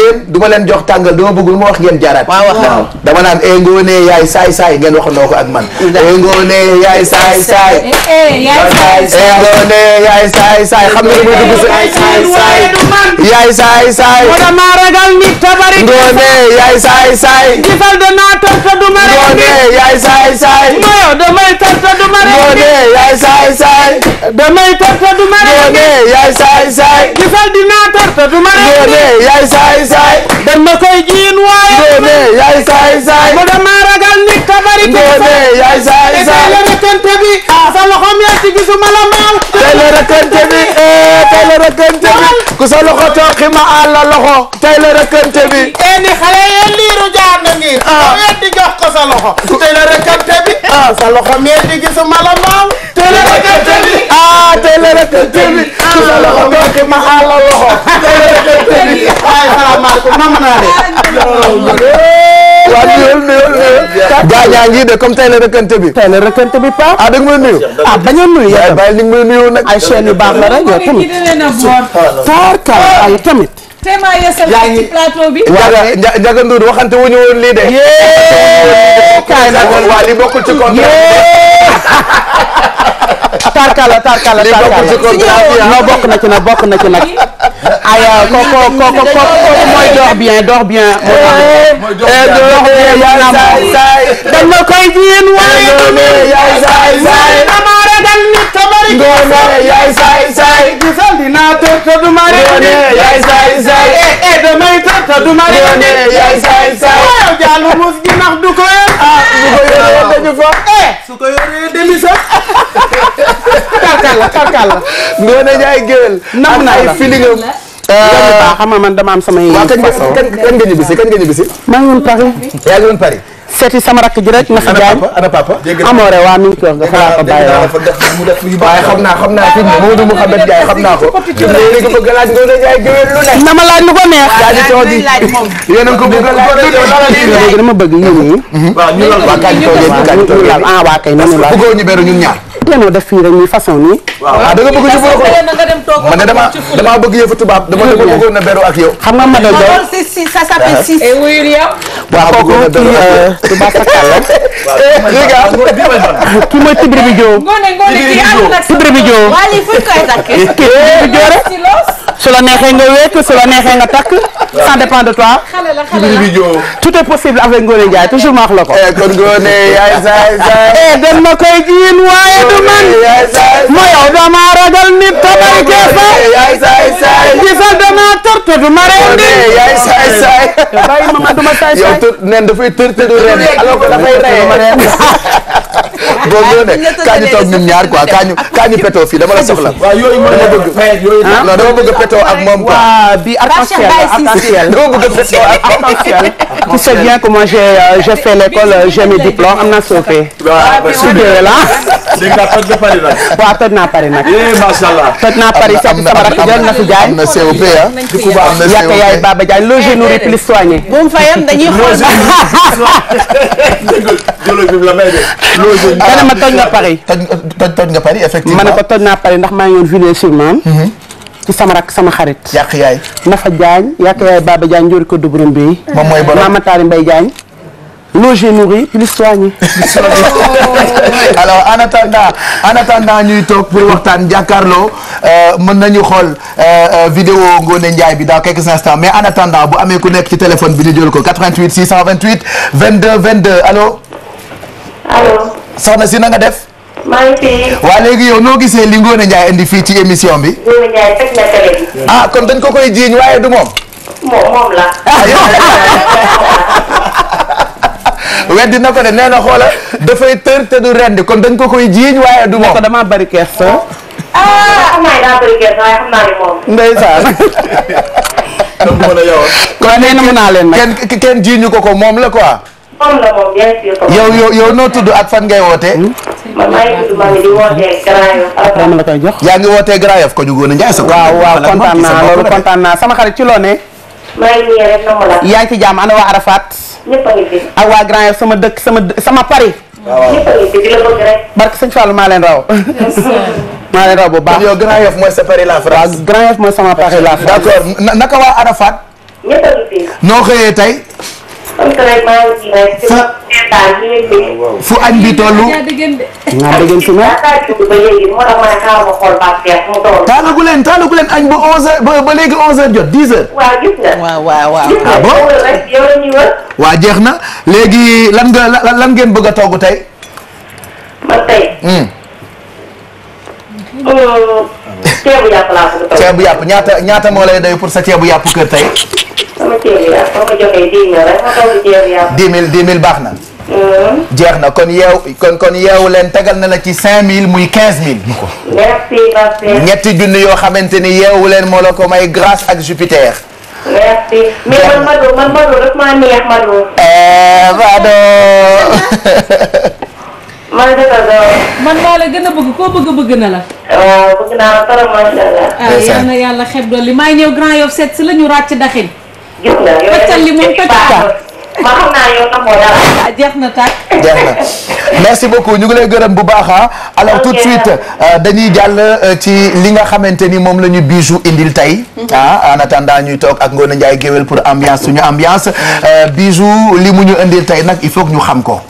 yéen ma leen jox tàngal dama bëgg lu ma wax ngeen jaaraat waaw dama na e ngoone yaay saay saay ngeen waxandoo ko ak man e ngoone yaay saay saay xam nga dama dugg si yaay saay saay dama ragal nit tabari ngoone yaay saay saay gisal danaa tar ta du ma ngoone yaay saay saay damay tar ta du ma ngoone yaay saay. damay torta du ma rek. ngoone yaay saay saay. gisal dinaa torta du ma rek. ngoone yaay saay saay. dama koy jiin waaye. ngoone yaay saay saay. mu dama ragal nit ka bari. ngoone yaay saay saay. tey la rekkante bi. Ah. sa loxoom yaa ci gisuma la maal. tey la rekkante bi eh, tey la rekkante bi. ku sa loxo tooxi ma àll loxo. tey la rekkante bi. tey ni xale yee liiru jaar na ngir. ah di jox ko sa loxo. tey la rekkante bi. Ah, sa loxo meer di gis ma la maal. teel a rëkkante bi ah teel a rëkkante bi. ma aal naa de. waa nuyul nuyul nuyul gaa ñaa ngi de comme tey la rëkkante bi tey la rëkkante bi pa ah da nga may nuyu ah bañ a nuyu yow bàyyi ni nga may nuyu nag ay chaîne yu baax la rek ay tamit tema yeesal ci plateau bi. waaw Ndiaga Ndour waxante wuñu woon lii de. yee kaay na waaw li bokkul ci contrat bi. tarkala tarkala tarkala ah. non bokk na ci nag bokk na ci nag. ay kooku kooku kooku mooy dox bien dox bien. mooy dox bien eh, dox bien yaay saay saay. dañ ma koy jiin waaye. yaay saay saay. saay eh, eh, eh damay tàkk du ma leen di yaay saay saay eh, waaw jàllu mus gi nax du ko yor. ah du ko yoree dañu fa eh su ko yoree demi sax karkalla karkalla Ngoné Ndiaye géwél nam na ay filingam euh, xam nga man dama am samay façon kan nga ñibbisi kan nga ñibbisi maa ngi woon Paris yaa ngi woon seeti sama rakk ji rek. na si jaay ana papa amoore waa mi ngi koy wax nga fa laa ko xam naa xam naa fi Modou Mouhamed Ndiaye naa ko. léegi bëgg laaj na ma laaj lu ko neex. yéen a ko bëgg a laaj léegi dama bëgg ñu nii. waaw ñu laal waa kañ toogee ñu kañ toogee ah waa kay noonu laal bëggoo ñu ñaar. déenoo def fii rek nii façon nii. waaw ah, da nga bëgg ñu bëgg man de dama dama bëgg yëfu tubaab dama dama bëggoon na beru ak yow. xam nga madame Ba lool si ah. si mooy Tibiri bi Joo. Tibiri bi Joo Tibiri bi Joo. waaw su la neexee nga wékk su la nga takk. ça dépend de toi. xale la xale la tout est possible avec Ngoné Ndiaye toujours ma wax la ko. Eh, kon Ngoné yaay saay saay. Eh, dem na koy jiin waaye du man. ma yow dama ragal nit. tabarike fa. yaay te du ma reen de yaay saay saay bàyyi ma ma du ma saay saay yow tut nen dafay tër tëru reen alors que dafay rey ma reen boo ñëwee ne kañu toog ñun ñaar quoi kañu kañu péto fii dama la soxla. waaw yooyu mooy dama bëgg yooyu ah, non dama bëgg péto ak moom quoi. waaw bi arc-en-ciel arc-en-ciel dama bëgg péto ak arc-en-ciel. tu sais bien que moi j'ai euh, j'ai fait l'école euh, j'ai mes diplômes am na soo fee. waaw ah, dégg nga toj na Paris nag. naa Paris nag. Eh, toj naa Paris sama rakk jël na fi jaay. am na COP ah. am na COP yaay Baba eh, ma toj nga Paris. toj toj ko toj naa Paris ndax maa ngi woon villiers sur mhm. ci sama rakk sama xarit. yàq yaay. Nafa Diagne yàq yaay Baba Diagne njóor ko Dubrun loger nourrir li soigner. alors en attendant en attendant ñuy toog pour waxtaan jàkkaarloo euh, mën nañu xool euh, euh, vidéo Ngoné njaay bi dans quelques instants mais en bu amee ku nekk ci téléphone bi ñu jël ko 88 628 22 22 allo. allo. soxna si na nga def. maa ngi fi. waa léegi yow noo gisee li Ngoné Ndiaye indi fii ci émission bi. ah kon dañ ko koy jiiñ waaye du moom moom la. Ah, weddi na ko de nee na xoola dafay tër te du rendi kon dañ ko koy jiiñ waaye du moom ko damaa bari kees ah xam naa daa bari kees kon nee na mën naa leen nag kenn kenn jiiñu ko ko moom la ko moom la moom noo tudd ak fan ngay wootee hmm? man maa ngi tudd ah, yaa ngi wootee Grand ko ñu góon a njaay sa waaw waaw kontaan naa sama xarit ci loo ne maa ci jàmm ana waa Arafat ñëpp a waa Grand Yoff sama dëkk sama sama Paris. waaw ñëpp a ngi fi di Grand Yoff mooy sa Paris la France. Grand Yoff mooy sama Paris la France. d'accord naka waa Arafat. ñëpp a ngi fu añ bi tollu naa dëggeen leen taalagu leen añ ba onze ba léegi onze jot dix heures waaw waaw waaw ah waaw jeex na léegi lan nga lan ngeen bëgg a togg tey man hmm. tey hmm. ceebu yàpp laa ñaata ñaata moo lay doy pour sa ceebu yàpp kër tey dix mille dix mille baax na. Mm. jeex na kon yeew kon kon yeewu leen tegal na la ci cinq mille muy quinze mille. merci merci. ñetti junni yoo xamante ni yeewu leen moo la ko may grâce ak Jupiter. merci mais man Mado man Mado daf maa neex Mado. Eh, Mado. man dëgg la man maa la gën a bëgg koo bëgg bëgg na la. waaw bëgg naa la trop macha allah. yàlla yàlla xeb dolli maa ngi ñëw Grand Yoff seet si la ñu ràcc daxin. gis nga li moom pàccal ma xam ah, jeex na tàkk. jeex na merci beaucoup ñu ngi lay gërëm bu baax ah. alors tout de suite euh, dañuy jàll euh, ci li nga xamante ni moom la ñu bijou indil tey. Mhm. ah en ñuy toog ak Ngoné Ndiaye géwél pour ambiance suñu ambiance euh, bijou li mu ñu indil tey nag il faut ñu xam ko.